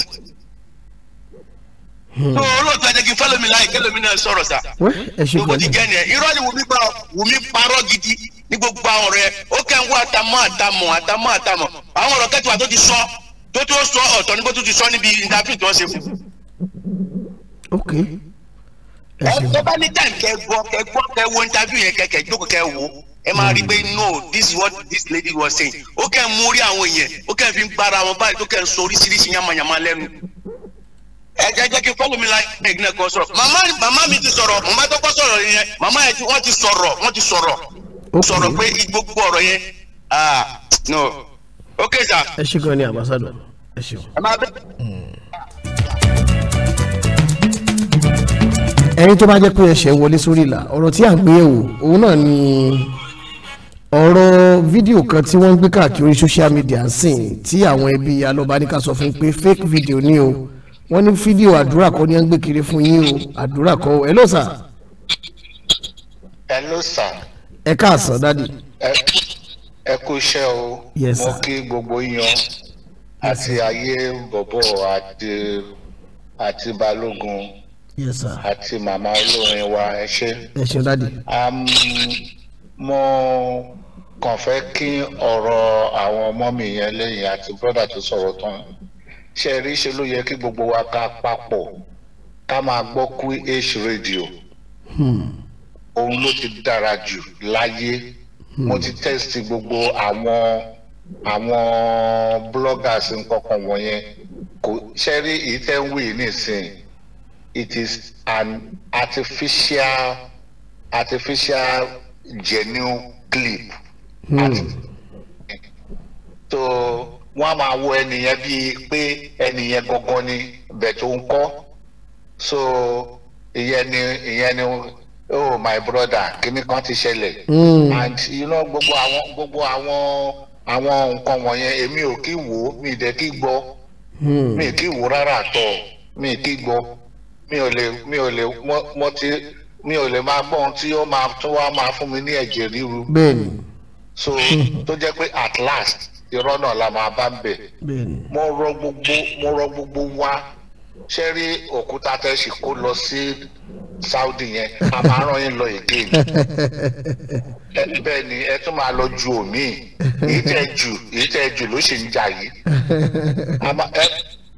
Hmm. so olóòtú ẹ̀dẹ́gin fẹ́lẹ́mi láì kẹ́lẹ́mi náà sọ̀rọ̀ sà gbogbo ti jẹ́ nìyẹn irọ́ ni Wùmí pa Wùmí parọ́ gidi ní gbogbo àwọn ọ̀rẹ́ ó kẹ́ ń wá àtàmọ́ àtàmọ́ àtàmọ́ àtàmọ́ àwọn ọ̀rọ̀ kẹ́tùwà tó ti sọ tó tó sọ ọ̀tọ̀ níbo tó ti sọ níbi ìdáfíì tí wọ́n ṣe fún. okay ẹ bá ní time kẹ gbọ́ kẹ gbọ́ kẹ wo interview yẹn kẹ kẹ jókòó kẹ wò ẹ máa rí pé no this is what this lady was saying ó kẹ́ ń mú rí àwọn èèyàn ó kẹ́ ń fi gbára àwọn báyìí tó kẹ́ ń sọ oríṣiríṣi yamayama lẹ́nu ẹ jẹ́ jẹ́ kí fọlọ mi la ẹgbẹ kan sọ̀rọ̀ màmá màmá mi ti sọ̀rọ̀ màmá tó kọ́ sọ̀rọ̀ yẹn màmá yẹn ti wọ́n ti sọ̀rọ̀ wọ́n ti sọ̀rọ̀ sọ̀rọ̀ pé gbogbo ọ̀rọ̀ yẹn ah no ok sa. ẹ ṣe gan ni ambassador ẹ ṣe. ẹ máa bẹ. Hmm. ẹni tó bá jẹ́ pé ẹ̀ṣẹ̀ wọlé sórí ìlà ọ̀rọ̀ tí à ń gbé yẹ̀wò òun náà ni ọ̀rọ̀ fídíò kan tí wọ́n ń gbé káàkiri social media sìn tí àwọn ẹbí alọ́ba ní ká sọ fún pé fake video ni o wọ́n ní fídíò àdúrà kọ́ ni wọ́n ń gbé kiri fún yín o àdúrà kọ́ o hello sir. hello sir. ẹ káàsán dádì. ẹ kú iṣẹ́ o mo kí gbogbo yan àti ayé bọ̀bọ̀ àti balógun yes sir àti màmá olórin wa ẹ ṣe. ẹ ṣe dádì. Um, mo kàn fẹ́ kí ọ̀rọ̀ àwọn ọmọ mi yẹn lẹ́yìn àti brọ́dà tó sọ̀rọ̀ tán ṣe rí ṣe ló yẹ kí gbogbo wa ká papọ̀ ká máa gbọ́ QH radio òun hmm. ló ti dára jù láyé hmm. mo ti test gbogbo àwọn àwọn bloggers nǹkan kan wọ̀nyẹn kò ṣe rí èyí tẹ́ ń nísìnyí it is an artificial artificial genuine clip. Hmm. Arti so wọ́n á máa wo ẹnìyẹn bíi pé ẹnìyẹn gangan ni bẹ́ẹ̀ ń kọ́ so ìyẹn ni ìyẹn ni oh my brother kíní kan ti ṣẹlẹ̀. Hmm. and you know gbogbo àwọn gbogbo àwọn àwọn nǹkan wọ̀nyẹn èmi ò kí wò ó mi dẹ̀ kí gbọ́ hmm. mi kí wò rárá tọ̀ mi kí gbọ́ mi ò lè mi ò lè mo ti mi ò lè máa gbọ́ ohun tí ó máa tún wá máa fún mi ní ẹ̀jẹ̀ ríru. bẹ́ẹ̀ni. so tó jẹ́ pé at last irọ́ náà la máa bá ń bẹ̀. bẹ́ẹ̀ni. mo rọ gbogbo mo rọ gbogbo wa ṣé rí òkúta tẹ́ sì kó lọ sí Saudi yẹn a máa rán yín lọ èdè ni bẹ́ẹ̀ ni ẹ tún máa lọ ju omi èyí tẹ́ jù èyí tẹ́ jù ló sì ń jà yìí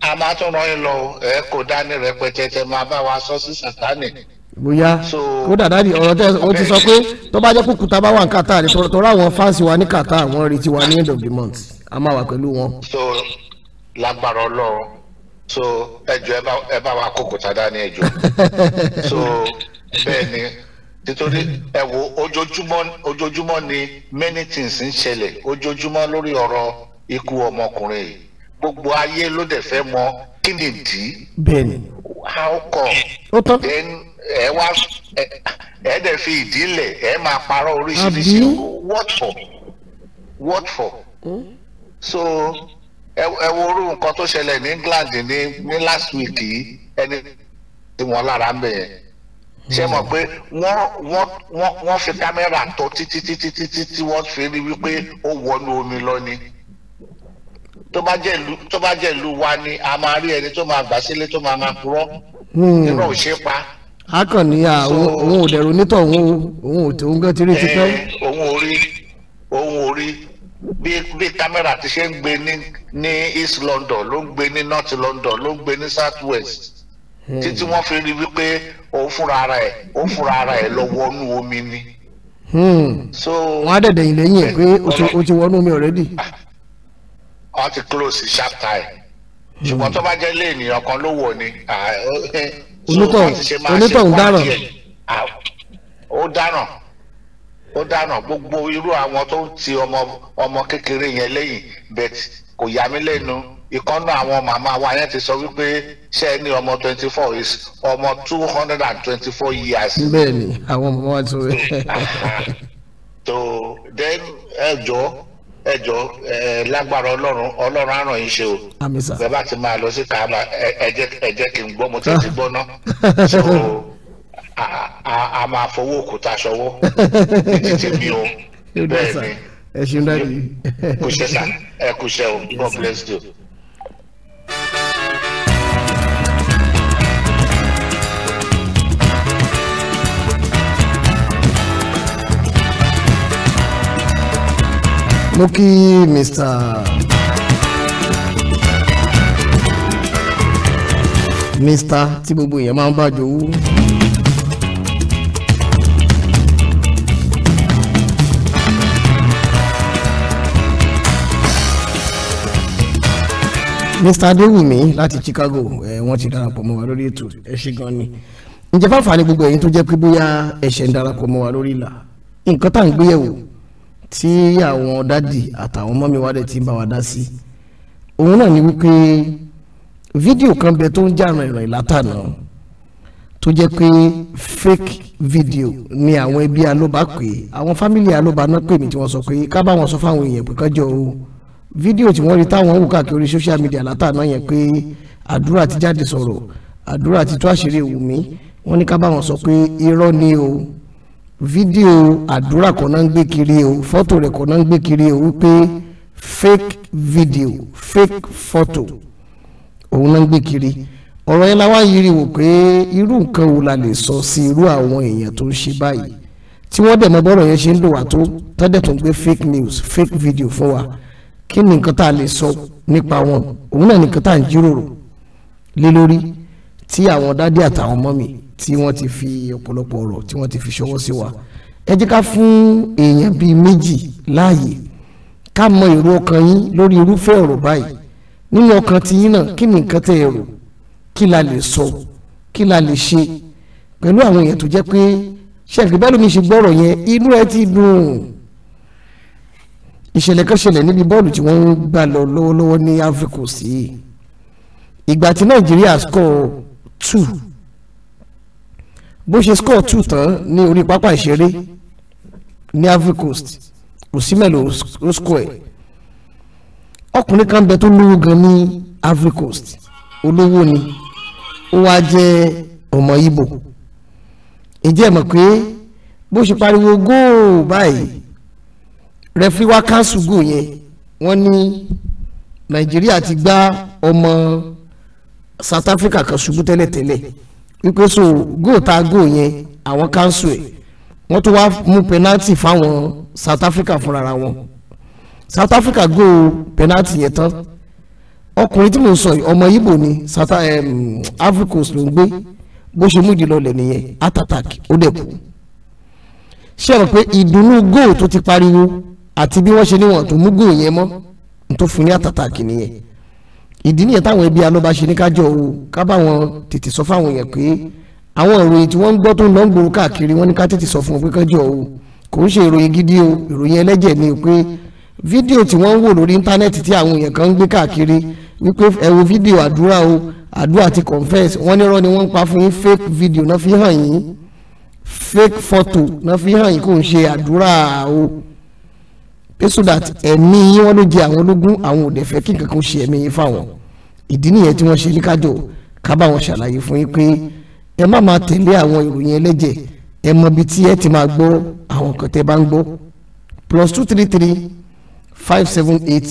a máa tún rán yín lọ ẹ kò dání rẹpẹtẹ tẹ máa bá wa sọ sí sàtánì. bóyá kó dàda di ọ̀rọ̀ tẹ o ti sọ pé tó bá jẹ́ kúkú tá bá wà ní Qatar ni tọ́ra àwọn fáǹsì wa ní Qatar wọ́n retí wa ní end of the month a máa wà pẹ̀lú wọn. so lágbára Ọlọ́run so ẹjọ ẹ bá wa kókò tá a dá ẹjọ so bẹ́ẹ̀ ni nítorí ẹ wo ojoojúmọ́ ojoojúmọ́ ni many things ń ṣẹlẹ̀ ojoojúmọ́ lórí ọ̀rọ̀ ikú ọmọkùnrin yìí gbogbo ayé ló dẹ̀ fẹ́ mọ kí ni ìdí. bẹ́ẹ̀ni. how come. ó tán. then ẹ wá ẹ dẹ̀ fi ìdí lẹ̀ ẹ máa parọ́ oríṣiríṣi what for what for. Hmm? so ẹ wo orú nǹkan tó ṣẹlẹ̀ ní England ní ní last week yìí ẹni tí wọ́n lára ń bẹ̀ yẹn ṣe mọ̀ hmm. pé wọ́n wọ́n wọ́n wọ́n fi kámẹ́rà tó títí títí títí tí wọ́n fi rí wípé ó wọnú omi lọ ni. Mm -hmm tó bá jẹ́ ìlú tó bá jẹ́ ìlú wa ni a máa rí ẹni tó máa gbà sílé tó máa máa purọ́ hmm. irọ́ ò ṣe pa. a kàn ní òun ò dẹ̀rù nítọ̀ òun òun ò tó ń tirí ti tán. Eh, òun ò rí òun ò rí bí bí ti ṣe ń gbé ní East London ló ń gbé ní North London ló ń gbé ní South West hmm. títí wọ́n fi rí wípé òun fúnra ara ẹ̀ òun fúnra ara ẹ̀ lọ wọnú omi ni. Hmm. wọ́n á dẹ̀dẹ̀ yìí lẹ́yìn ẹ̀ pé o ti wọnú omi already. Ah, wọ́n ti close ṣáptà ẹ̀ ṣùgbọ́n hmm. tó bá jẹ́ lé ènìyàn kan ló wọ̀ ni onítọ̀hún dáràn ó dáràn ó dáràn gbogbo irú àwọn tó ń ti ọmọ ọmọ kékeré yẹn lẹ́yìn bet kò yà mí lẹ́nu ìkànnà àwọn màmá wa yẹn ti sọ wípé ṣé é ní ọmọ twenty four is ọmọ two hundred and twenty four years. bẹ́ẹ̀ni àwọn màmá wa ti rẹ. so then ẹ jọ ẹ jọ ẹ lágbára Ọlọ́run Ọlọ́run á ràn yín ṣe o bẹ́ẹ̀ bá ti máa lọ sí Káàbà ẹ jẹ́ ẹ jẹ́ kí n gbọ́ mo ti ah. ti gbọ́ ná so a máa fowó òkúta ṣọwọ́ títí mi o bẹ́ẹ̀ ni kò ṣe sá ẹ kò ṣe o God bless you. mo kí Mr. Mr. tí gbogbo èèyàn máa ń bá jowú. Mr. Adéwùmí láti Chicago ẹ wọ́n ti darapọ̀ mọ́ wa lórí ètò ẹ ṣé gan ni ǹjẹ́ fáfàá ni gbogbo ẹ̀yin tó jẹ́ pé bóyá ẹ̀ṣẹ̀ ń darapọ̀ mọ́ wa lórí ìlà nǹkan tá à ń gbéyẹ̀wò tí àwọn dádì àtàwọn mọ́mí wa dẹ̀ ti ń bá wa dá sí òun náà ni wípé fídíò kan bẹ tó ń jà rìnrìn látànà tó jẹ́ pé fake video ni àwọn ẹbí alóba pè àwọn fámìlì alóba náà pè mí tí wọ́n sọ pé ká bá wọn sọ fáwọn èèyàn pé kánjọ o fídíò tí wọ́n rí táwọn wò káàkiri social media látànà yẹn pé àdúrà ti jáde sọ̀rọ̀ àdúrà ti tó àṣírí Wùmí wọ́n ní ká bá wọn sọ pé irọ́ ni o fídíò àdúrà kan náà ń gbé kiri o fọ́tò rẹ̀ kan náà ń gbé kiri o wípé fake video fake photo òun náà ń gbé kiri ọ̀rọ̀ yẹn láwá yiri wò pé irú nǹkan wo la lè sọ sí irú àwọn èèyàn tó ń ṣe báyìí tí wọ́n dẹ̀ mọ bọ́rọ̀ yẹn ṣe ń lò wá tó tọ́jà tó ń gbé fake news fake video fún wa kí ni nǹkan tá a lè sọ nípa wọn òun náà nìkan tá à ń jíròrò lé lórí tí àwọn dádì àtàwọn ọmọ mi tí wọ́n ti fi ọ̀pọ̀lọpọ̀ ọ̀rọ̀ tí wọ́n ti fi ṣọwọ́ sí wa ẹ jẹ́ ká fún èèyàn bíi méjì láàyè ká mọ èrò ọkàn yín lórí irúfẹ́ ọ̀rọ̀ báyìí nínú ọkàn ti yín náà kí ni nǹkan tẹ́ ẹ rò kí la lè sọ kí la lè ṣe pẹ̀lú àwọn èèyàn tó jẹ́ pé ṣẹ́ẹ̀kì bẹ́ẹ̀ lómi ṣe gbọ́rọ̀ yẹn inú ẹ ti dùn ìṣẹ̀lẹ̀ kan ṣẹlẹ̀ níbi bọ́ọ̀lù tí wọ́n ń gbà lọ lọ́wọ́lọ́wọ́ ní Ivory Coast ìgbà tí Nàìjíríà score two bó ṣe score two tán ní orí pápá ìṣeré ní Ivory Coast Osimhen ló score ẹ̀ ọkùnrin kan bẹ tó lówó gan ní Ivory Coast olówó ni ó wá jẹ́ ọmọ Ìgbò ǹjẹ́ mọ̀ pé bó ṣe pariwo góò báyìí rẹfí wá káńsù góò yẹn wọ́n ní Nàìjíríà ti gbá ọmọ South Africa kan ṣubú tẹ́lẹ̀tẹ́lẹ̀ wípé so goal tá a goal yẹn àwọn council ẹ̀ wọ́n tún wá mú penalty fáwọn South Africa fúnra wọn South Africa goal penalty yẹn tán ọkùnrin tí mo sọ yìí ọmọ Ìgbò ni South um, Africa ló ń gbé bó ṣe mú ìdílọ́lẹ̀ nìyẹn heart attack ó dẹ̀ kú ṣé rò pé ìdùnnú goal tó ti pariwo àti bí wọ́n ṣe níwọ̀n tó mú goal yẹn mọ́ n tó fún ní heart attack nìyẹn ìdí nìyẹn táwọn ẹbí alọ́ba ṣe ní kájọ o ká bá wọn tètè sọ fáwọn èèyàn pé àwọn ìròyìn tí wọ́n ń gbọ́ tó ń lọ ń gbòòrò káàkiri wọ́n ní ká tètè sọ fún wọn pé kájọ o kò ń ṣe ìròyìn gidi o ìròyìn ẹlẹ́jẹ̀ ni o pé fídíò tí wọ́n ń wò lórí íńtánẹ́ẹ̀tì tí àwọn èèyàn kan ń gbé káàkiri wípé ẹ fídíò àdúrà o àdúrà ti confess wọ́n nírọ́ ni wọ́n ń pa fún yín fake video náà fi hàn yín fake photo náà fi hàn yín kò ń ṣe àdúrà o pé so that ẹ̀mí yín wọ́n ló jẹ àwọn ológun àwọn òde fẹ́ kí kankan ṣe ẹ̀mí yín fáwọn ìdí nìyẹn tí wọ́n ṣe ní kájọ ká bá wọn ṣàlàyé fún yín pé ẹ má máa tẹ̀lé àwọn ìròyìn ẹlẹ́jẹ̀ ẹ mọ ibi tí ẹ ti máa gbọ́ àwọn nǹkan tẹ́ bá ń gbọ́ plus two three three five seven eight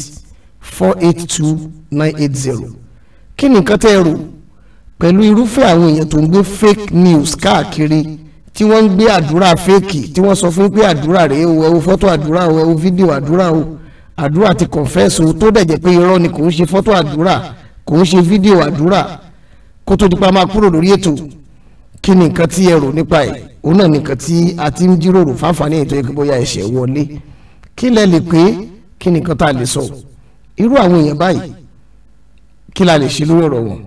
four eight two nine eight zero kí ni nǹkan tẹ́ ẹ rò pẹ̀lú irúfẹ́ àwọn èèyàn tó ń gbé fake news káàkiri tí wọ́n ń gbé àdúrà fẹ́ẹ̀kì tí wọ́n sọ fún pé àdúrà rèé o ẹ wo fọ́tò àdúrà o ẹ wo fídíò àdúrà o àdúrà ti confess o tó dẹ̀ jẹ́ pé irọ́ ni kò ń ṣe fọ́tò àdúrà kò ń ṣe fídíò àdúrà kó tó dípa máa kúrò lórí ètò kí ni nǹkan tí ẹ rò nípa ẹ̀ òun náà nìkan tí a ti ń jíròrò fáfàní ètò yẹ kí bóyá ẹ̀ṣẹ̀ wọlé kí lẹ lè pé kí ni nǹkan tá a lè sọ irú àwọn èèyàn báyìí kí la lè ṣe lórí ọ̀rọ̀ wọn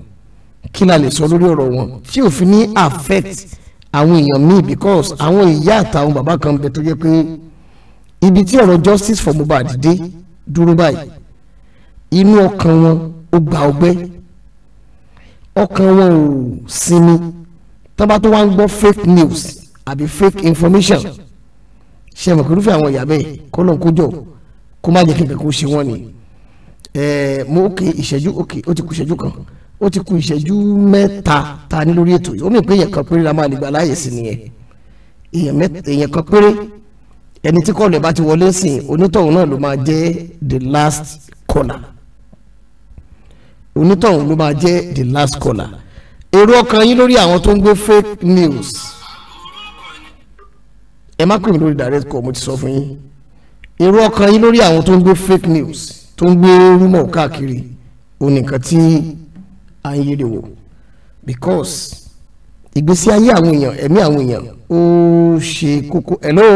kí la lè sọ lórí ọ̀rọ̀ wọn tí òfin ní affect àwọn èèyàn míì because àwọn ìyá àtàwọn bàbá kan bẹ tó jẹ́ pé ibi tí ọ̀rọ̀ justice for Mohbad dé dúró báyìí inú ọkàn wọn ó gba ọgbẹ́ ọkàn wọn ò sinmi tọ́ba tó wá ń gbọ́ fake news àbí fake information ṣe mọ̀ kúrúfẹ́ àwọn ìyá bẹ́ẹ̀ kó lóun kó jọ kó má jẹ́ kékeré kó ṣe wọ́n ni mo òkè ìṣẹ́jú òkè ó ti kù ìṣẹ́jú kan ó ti kù ìṣẹ́jú mẹ́ta ta ní lórí ètò yìí ó mì pé èèyàn kan péré la máa lè gbà láàyè sí nìyẹn èèyàn kan péré ẹni tí kọ́ọ̀lù ẹ̀ bá ti wọlé sìn onítọ̀hún náà ló máa jẹ́ the last caller onítọ̀hún ló máa jẹ́ the last caller èrò ọkàn yín lórí àwọn tó ń gbé fake news ẹ má pè mí lórí direct call mo ti sọ fún yín èrò ọkàn yín lórí àwọn tó ń gbé fake news tó ń gbé rúmọ̀ káàkiri òun nìkan tí à because ìgbésí ayé àwọn èèyàn ẹ̀mí àwọn èèyàn ó ṣe kókó hello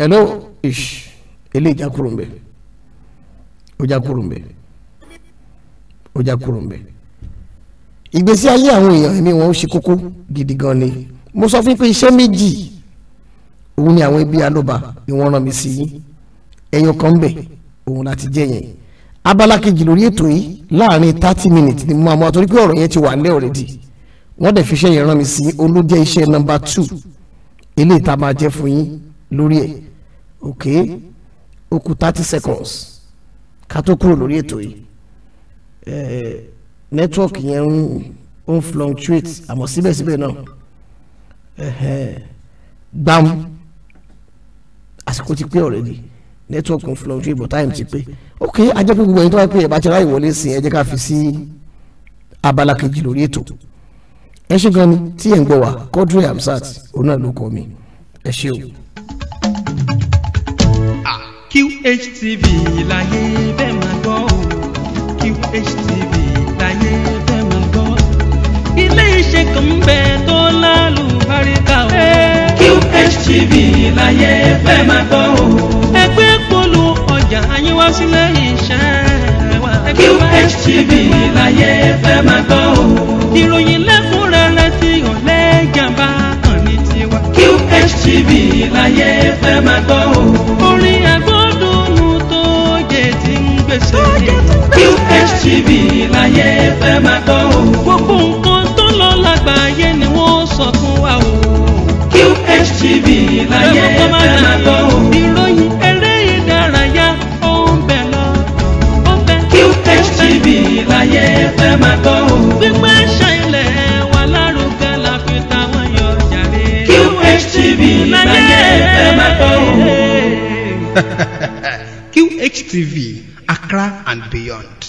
hello ish eléyìí já kúrò ń bẹ̀ ó já kúrò ń bẹ̀ ó já kúrò ń bẹ̀ ìgbésí ayé àwọn èèyàn ẹ̀mí wọn ó ṣe kókó gidi gan ni mo sọ fún pé iṣẹ́ méjì òun ni àwọn ẹbí alóba ni wọ́n rán mi sí ẹyọ kan ń bẹ̀ òun láti jẹ́ yẹn abala kejì lórí ètò yìí láàrin thirty minutes ni mo máa mọ àtòrí pé ọ̀rọ̀ yẹn ti wà nílẹ̀ already wọ́n dẹ̀ fi iṣẹ́ yẹn rán mi sí olójẹ́ iṣẹ́ number two eléyìí tá a máa jẹ́ fún yín lórí ẹ̀ ok ó kù thirty seconds ká tó kúrò lórí ètò yìí network yẹn ń ń fluctuate àmọ́ síbẹ̀síbẹ̀ náà gbam àsìkò ti pé already network ń fúnra ojú ìbò time ti pé ok ajẹ́ pé gbogbo ẹni tó wáyé pé ẹ̀ bá ti ráyè wọlé sí ẹ jẹ́ ká fi sí abala kejì lórí ètò ẹ ṣe gan ni tí ẹ̀ ń gbọ́ wá Quadri Hamzat òun náà ló kọ́ mi ẹ ṣe o. Ah, QHTV láyé bẹ́ẹ̀ máa gbọ́ QHTV láyé bẹ́ẹ̀ máa gbọ́ ilé iṣẹ́ kan bẹ tó lálùbáríkà o QHTV láyé bẹ́ẹ̀ máa gbọ́ o gbé polu ọjà ayé wá sílé iṣẹ́ wa. QHTV láyé fẹ́ máa gbọ́ o. ìròyìn lẹ́kùnrẹ́rẹ́ tí ọ̀lẹ́ jàmbá kan ní tiwa. QHTV láyé fẹ́ máa gbọ́ o. orin agbódùnmù tó jẹ ti ń gbèsè. QHTV láyé fẹ́ máa gbọ́ o. gbogbo nǹkan tó lọ lágbàáyé ni wọ́n sọ fún wa o. QHTV láyé fẹ́ máa gbọ́ o. ayé fẹ́ máa gbọ́ o. gbígbé àṣà ilẹ̀ lárugẹ la fi táwọn yọ jàre. QHTV láyé fẹ́ máa gbọ́ o. QHTV Accra and beyond.